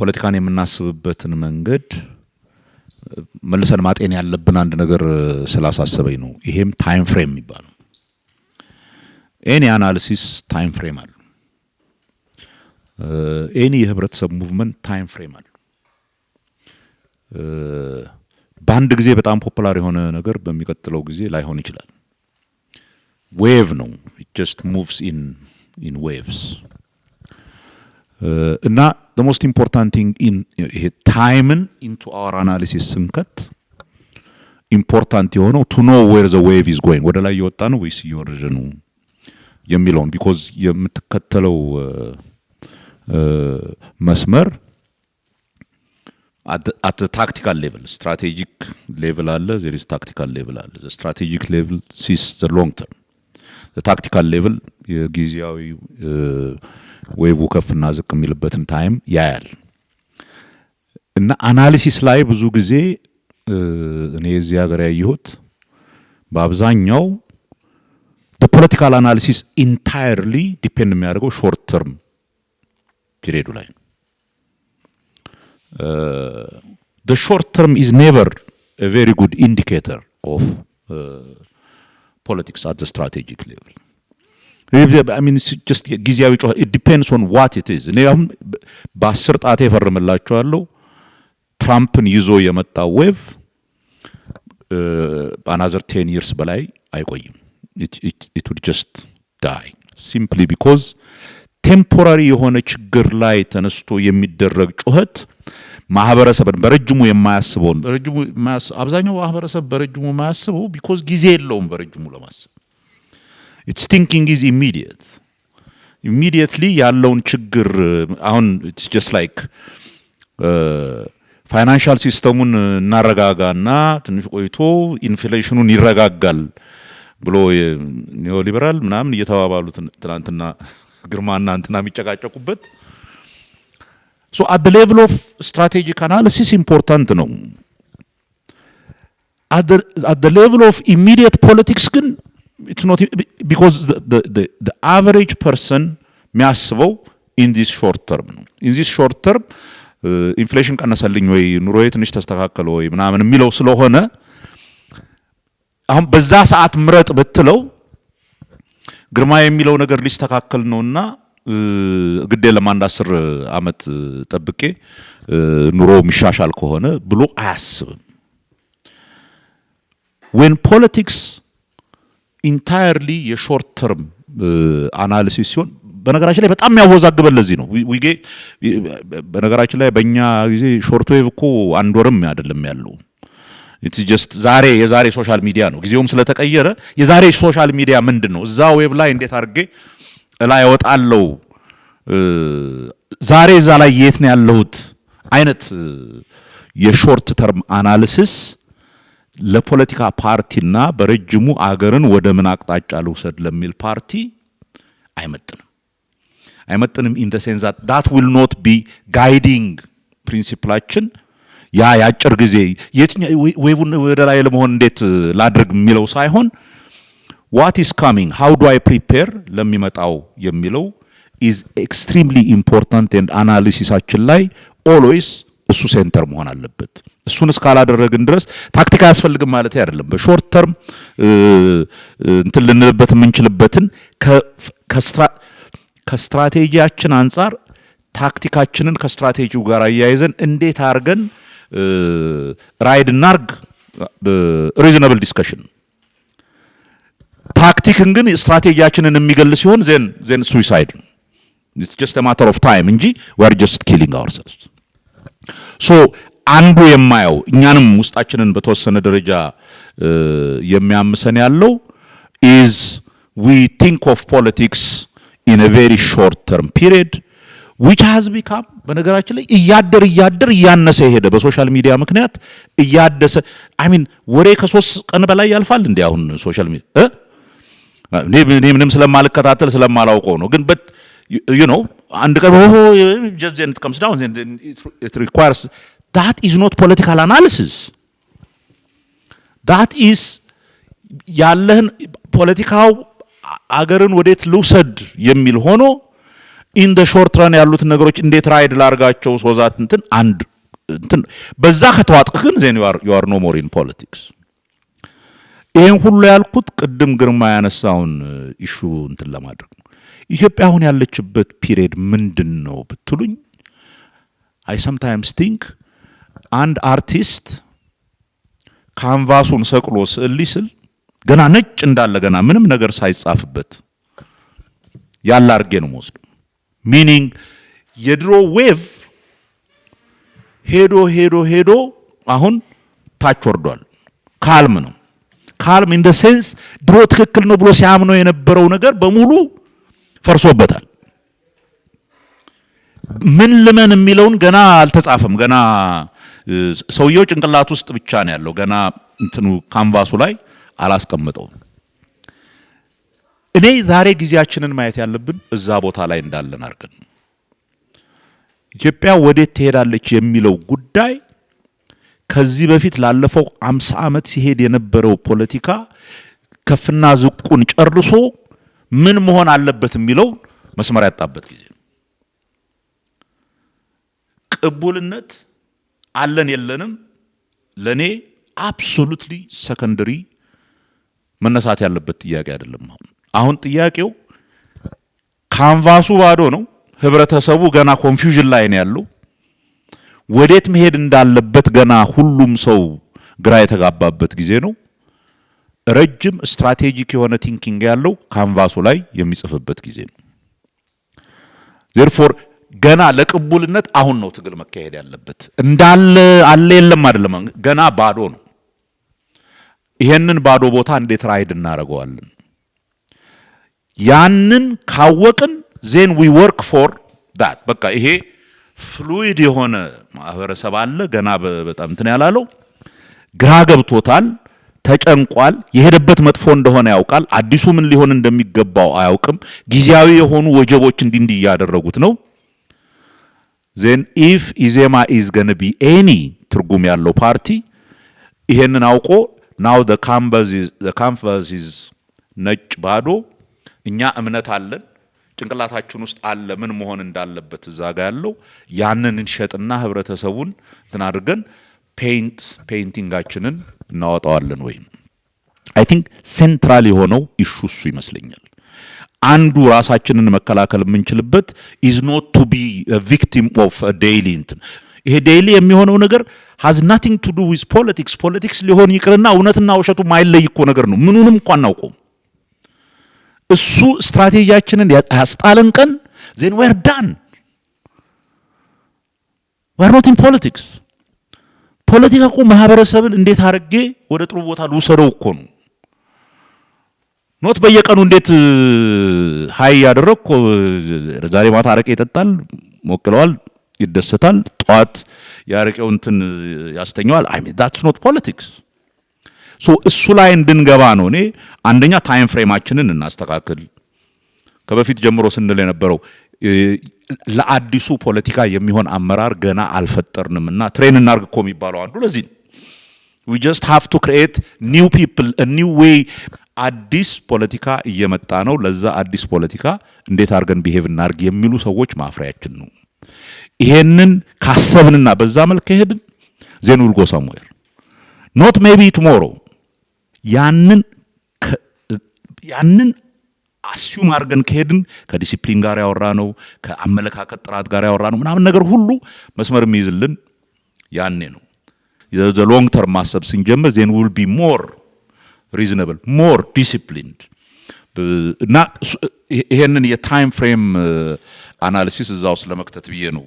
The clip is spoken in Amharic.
ፖለቲካን የምናስብበትን መንገድ መልሰን ማጤን ያለብን አንድ ነገር ስላሳሰበኝ ነው። ይሄም ታይም ፍሬም የሚባለው ኤኒ አናሊሲስ ታይም ፍሬም አለ። ኤኒ የህብረተሰብ ሙቭመንት ታይም ፍሬም አለ። በአንድ ጊዜ በጣም ፖፑላር የሆነ ነገር በሚቀጥለው ጊዜ ላይሆን ይችላል። ዌቭ ነው። ጀስት ሙቭስ ኢን ዌቭስ እና ሞስት ኢምፖርታንት ቲንግ ይሄ ታይምን ኢንቱ አወር አናሊሲስ ስንከት ኢምፖርታንት የሆነው ቱ ኖ ዌር ዘ ዌቭ ኢዝ ጎይንግ ወደ ላይ እየወጣ ነው ወይስ እየወረደ የሚለውን ቢኮዝ የምትከተለው መስመር አት ታክቲካል ሌቭል ስትራቴጂክ ሌቭል አለ ዜሪስ ታክቲካል ሌቭል አለ ስትራቴጂክ ሌቭል ሲስ ሎንግ ተርም ታክቲካል ሌቭል የጊዜያዊ ዌቡ ከፍና ዝቅ የሚልበትን ታይም ያያል እና አናሊሲስ ላይ ብዙ ጊዜ እኔ እዚህ ሀገር ያየሁት በአብዛኛው ፖለቲካል አናሊሲስ ኢንታይርሊ ዲፔንድ የሚያደርገው ሾርት ተርም ፒሪዱ ላይ ነው። ሾርት ተርም ኢዝ ኔቨር ቬሪ ጉድ ኢንዲኬተር ኦፍ ፖለቲክስ አት ስትራቴጂክ ሌቭል ጊዜያዊ ጨዋታ ዲፔንድስ ኦን ዋት ኢት ኢዝ። እኔ አሁን በአስር ጣቴ እፈርምላችኋለሁ ትራምፕን ይዞ የመጣው ዌቭ አናዘር ቴን ይርስ በላይ አይቆይም። ኢት ውድ ጀስት ዳይ ሲምፕሊ ቢኮዝ ቴምፖራሪ የሆነ ችግር ላይ ተነስቶ የሚደረግ ጩኸት ማህበረሰብን በረጅሙ የማያስበውን በረጅሙ አብዛኛው ማህበረሰብ በረጅሙ የማያስበው ቢኮዝ ጊዜ የለውም በረጅሙ ለማሰብ ኢትስ ቲንኪንግ ኢዝ ኢሚዲየት ኢሚዲየትሊ ያለውን ችግር አሁን ኢትስ ጀስት ላይክ ፋይናንሻል ሲስተሙን እናረጋጋና ትንሽ ቆይቶ ኢንፍሌሽኑን ይረጋጋል ብሎ ኒዮሊበራል ምናምን እየተባባሉ ትናንትና ግርማና እንትና የሚጨቃጨቁበት አት ሌቭል ኦፍ ስትራቴጂክ አናሊሲስ ኢምፖርታንት ነው። አት ሌቭል ኦፍ ኢሚዲየት ፖለቲክስ ግን ቢኮዝ አቨሬጅ ፐርሰን የሚያስበው ኢን ዚስ ሾርት ተርም ነው። ኢን ዚስ ሾርት ተርም ኢንፍሌሽን ቀነሰልኝ ወይ ኑሮዬ ትንሽ ተስተካከለ ወይ ምናምን የሚለው ስለሆነ አሁን በዛ ሰዓት ምረጥ ብትለው ግርማ የሚለው ነገር ሊስተካከል ነውና ግዴ ለማንድ አስር ዓመት ጠብቄ ኑሮ የሚሻሻል ከሆነ ብሎ አያስብም። ዌን ፖለቲክስ ኢንታየርሊ የሾርት ተርም አናሊሲስ ሲሆን በነገራችን ላይ በጣም ያወዛግበን። ለዚህ ነው ዊጌ በነገራችን ላይ በእኛ ጊዜ ሾርት ዌቭ እኮ አንድ ወርም አይደለም ያለው ጀስት ዛሬ የዛሬ ሶሻል ሚዲያ ነው። ጊዜውም ስለተቀየረ የዛሬ ሶሻል ሚዲያ ምንድን ነው? እዛ ዌብ ላይ እንዴት አድርጌ እላይ ያወጣለው ዛሬ እዛ ላይ የት ነው ያለሁት አይነት የሾርት ተርም አናልሲስ ለፖለቲካ ፓርቲና በረጅሙ አገርን ወደ ምን አቅጣጫ ልውሰድ ለሚል ፓርቲ አይመጥንም አይመጥንም ኢን ዘ ሴንስ ዛት ዊል ኖት ቢ ጋይዲንግ ፕሪንሲፕላችን ያ የአጭር ጊዜ የትኛው ዌቡን ወደ ላይ ለመሆን እንዴት ላድርግ የሚለው ሳይሆን ዋት ኢዝ ካሚንግ ሃው ዱ አይ ፕሪፔር ለሚመጣው የሚለው ኢዝ ኤክስትሪምሊ ኢምፖርታንት ኤንድ አናሊሲሳችን ላይ ኦልዌይስ እሱ ሴንተር መሆን አለበት። እሱን እስካላደረግን ድረስ ታክቲክ አያስፈልግም ማለት አይደለም። በሾርት ተርም እንትን ልንልበት የምንችልበትን ከስትራቴጂያችን አንጻር ታክቲካችንን ከስትራቴጂው ጋር አያይዘን እንዴት አድርገን ራይድ እናርግ፣ ሪዝናብል ዲስከሽን ታክቲክን ግን ስትራቴጂያችንን የሚገል ሲሆን ዜን ዜን ሱዊሳይድ ኢትስ ጀስት ማተር ኦፍ ታይም እንጂ ዌር ጀስት ኪሊንግ አወርሰልስ። ሶ አንዱ የማየው እኛንም ውስጣችንን በተወሰነ ደረጃ የሚያምሰን ያለው ኢዝ ዊ ቲንክ ኦፍ ፖለቲክስ ኢን አ ቬሪ ሾርት ተርም ፒሪድ ዊች ሀዝ ቢካም በነገራችን ላይ እያደር እያደር እያነሰ የሄደ በሶሻል ሚዲያ ምክንያት እያደሰ አሚን ወሬ ከሶስት ቀን በላይ ያልፋል። እንዲ አሁን ሶሻል ሚዲያ እኔ ምንም ስለማልከታተል ስለማላውቀው ነው። ግን በት ዩ ነው አንድ ቀን ሆ ጀዘንት ከምስ ዳውን ኢት ሪኳየርስ ዳት ኢዝ ኖት ፖለቲካል አናሊሲስ ዳት ኢዝ ያለህን ፖለቲካው አገርን ወዴት ልውሰድ የሚል ሆኖ ኢን ደ ሾርት ረን ያሉትን ነገሮች እንዴት ራይድ ላርጋቸው ሶዛት እንትን አንድ እንትን በዛ ከተዋጥቅ ግን ዜን ዩ አር ኖ ሞር ኢን ፖለቲክስ። ይህን ሁሉ ያልኩት ቅድም ግርማ ያነሳውን ኢሹ እንትን ለማድረግ ነው። ኢትዮጵያ አሁን ያለችበት ፒሪየድ ምንድን ነው ብትሉኝ አይ ሰምታይምስ ቲንክ አንድ አርቲስት ካንቫሱን ሰቅሎ ስዕል ሊስል ገና ነጭ እንዳለ ገና ምንም ነገር ሳይጻፍበት ያለ አድርጌ ነው መወስዱ ሚኒንግ የድሮ ዌቭ ሄዶ ሄዶ ሄዶ አሁን ታች ወርዷል። ካልም ነው። ካልም ኢን ደ ሴንስ ድሮ ትክክል ነው ብሎ ሲያምነው የነበረው ነገር በሙሉ ፈርሶበታል። ምን ልመን የሚለውን ገና አልተጻፈም። ገና ሰውየው ጭንቅላት ውስጥ ብቻ ነው ያለው። ገና እንትኑ ካንቫሱ ላይ አላስቀምጠውም። እኔ ዛሬ ጊዜያችንን ማየት ያለብን እዛ ቦታ ላይ እንዳለን አድርገን ኢትዮጵያ ወዴት ትሄዳለች የሚለው ጉዳይ ከዚህ በፊት ላለፈው አምሳ ዓመት ሲሄድ የነበረው ፖለቲካ ከፍና ዝቁን ጨርሶ ምን መሆን አለበት የሚለው መስመር ያጣበት ጊዜ ነው። ቅቡልነት አለን የለንም ለእኔ አብሶሉትሊ ሰከንደሪ መነሳት ያለበት ጥያቄ አይደለም አሁን አሁን ጥያቄው ካንቫሱ ባዶ ነው። ህብረተሰቡ ገና ኮንፊውዥን ላይ ነው ያለው። ወዴት መሄድ እንዳለበት ገና ሁሉም ሰው ግራ የተጋባበት ጊዜ ነው። ረጅም ስትራቴጂክ የሆነ ቲንኪንግ ያለው ካንቫሱ ላይ የሚጽፍበት ጊዜ ነው። ዜርፎር ገና ለቅቡልነት አሁን ነው ትግል መካሄድ ያለበት። እንዳለ አለ የለም አይደለም፣ ገና ባዶ ነው። ይሄንን ባዶ ቦታ እንዴት ራይድ እናደርገዋለን? ያንን ካወቅን ዜን ዊ ወርክ ፎር ዳት። በቃ ይሄ ፍሉይድ የሆነ ማህበረሰብ አለ። ገና በጣም እንትን ያላለው ግራ ገብቶታል፣ ተጨንቋል። የሄደበት መጥፎ እንደሆነ ያውቃል። አዲሱ ምን ሊሆን እንደሚገባው አያውቅም። ጊዜያዊ የሆኑ ወጀቦች እንዲህ እንዲህ እያደረጉት ነው። ዜን ኢፍ ኢዜማ ኢዝ ገን ቢ ኤኒ ትርጉም ያለው ፓርቲ ይሄንን አውቆ ናው ዘ ኢዝ ነጭ ባዶ እኛ እምነት አለን፣ ጭንቅላታችን ውስጥ አለ ምን መሆን እንዳለበት እዛ ጋ ያለው ያንን እንሸጥና ህብረተሰቡን እንትን አድርገን ፔንት ፔይንቲንጋችንን እናወጣዋለን። ወይም አይ ቲንክ ሴንትራል የሆነው ኢሹ እሱ ይመስለኛል። አንዱ ራሳችንን መከላከል የምንችልበት ኢዝ ኖት ቱ ቢ ቪክቲም ኦፍ ዴይሊ እንትን ይሄ ዴይሊ የሚሆነው ነገር ሀዝ ናቲንግ ቱ ዱ ዊዝ ፖለቲክስ ፖለቲክስ ሊሆን ይቅርና እውነትና ውሸቱ ማይለይ እኮ ነገር ነው። ምኑንም እንኳ አናውቀውም። እሱ ስትራቴጂያችንን ያስጣለን ቀን ዜን ዌር ዳን ዌር ኖት ኢን ፖለቲክስ። ፖለቲካ እኮ ማህበረሰብን እንዴት አድርጌ ወደ ጥሩ ቦታ ልውሰደው እኮ ነው። ኖት በየቀኑ እንዴት ሀይ ያደረግ እኮ ዛሬ ማታ አረቄ ይጠጣል፣ ሞቅለዋል፣ ይደሰታል። ጠዋት የአረቄው እንትን ያስተኘዋል። አይ ዳትስ ኖት ፖለቲክስ ሶ እሱ ላይ እንድንገባ ነው። እኔ አንደኛ ታይም ፍሬማችንን እናስተካክል። ከበፊት ጀምሮ ስንል የነበረው ለአዲሱ ፖለቲካ የሚሆን አመራር ገና አልፈጠርንም እና ትሬን እናርግ እኮ የሚባለው አንዱ ለዚህ ዊ ጀስት ሃቭ ቱ ክሪኤት ኒው ፒፕል ኒው ዌይ። አዲስ ፖለቲካ እየመጣ ነው። ለዛ አዲስ ፖለቲካ እንዴት አድርገን ቢሄቭ እናርግ የሚሉ ሰዎች ማፍሪያችን ነው። ይሄንን ካሰብንና በዛ መልክ ከሄድን ዜን ዊል ጎ ሰምዌር ኖት ሜቢ ቱሞሮው። ያንን ያንን አስዩም አድርገን ከሄድን ከዲሲፕሊን ጋር ያወራ ነው ከአመለካከት ጥራት ጋር ያወራ ነው ምናምን ነገር ሁሉ መስመር የሚይዝልን ያኔ ነው። ዘ ሎንግ ተርም ማሰብ ስንጀምር ዜን ውል ቢ ሞር ሪዝነብል ሞር ዲሲፕሊንድ እና ይሄንን የታይም ፍሬም አናሊሲስ እዛ ውስጥ ለመክተት ብዬ ነው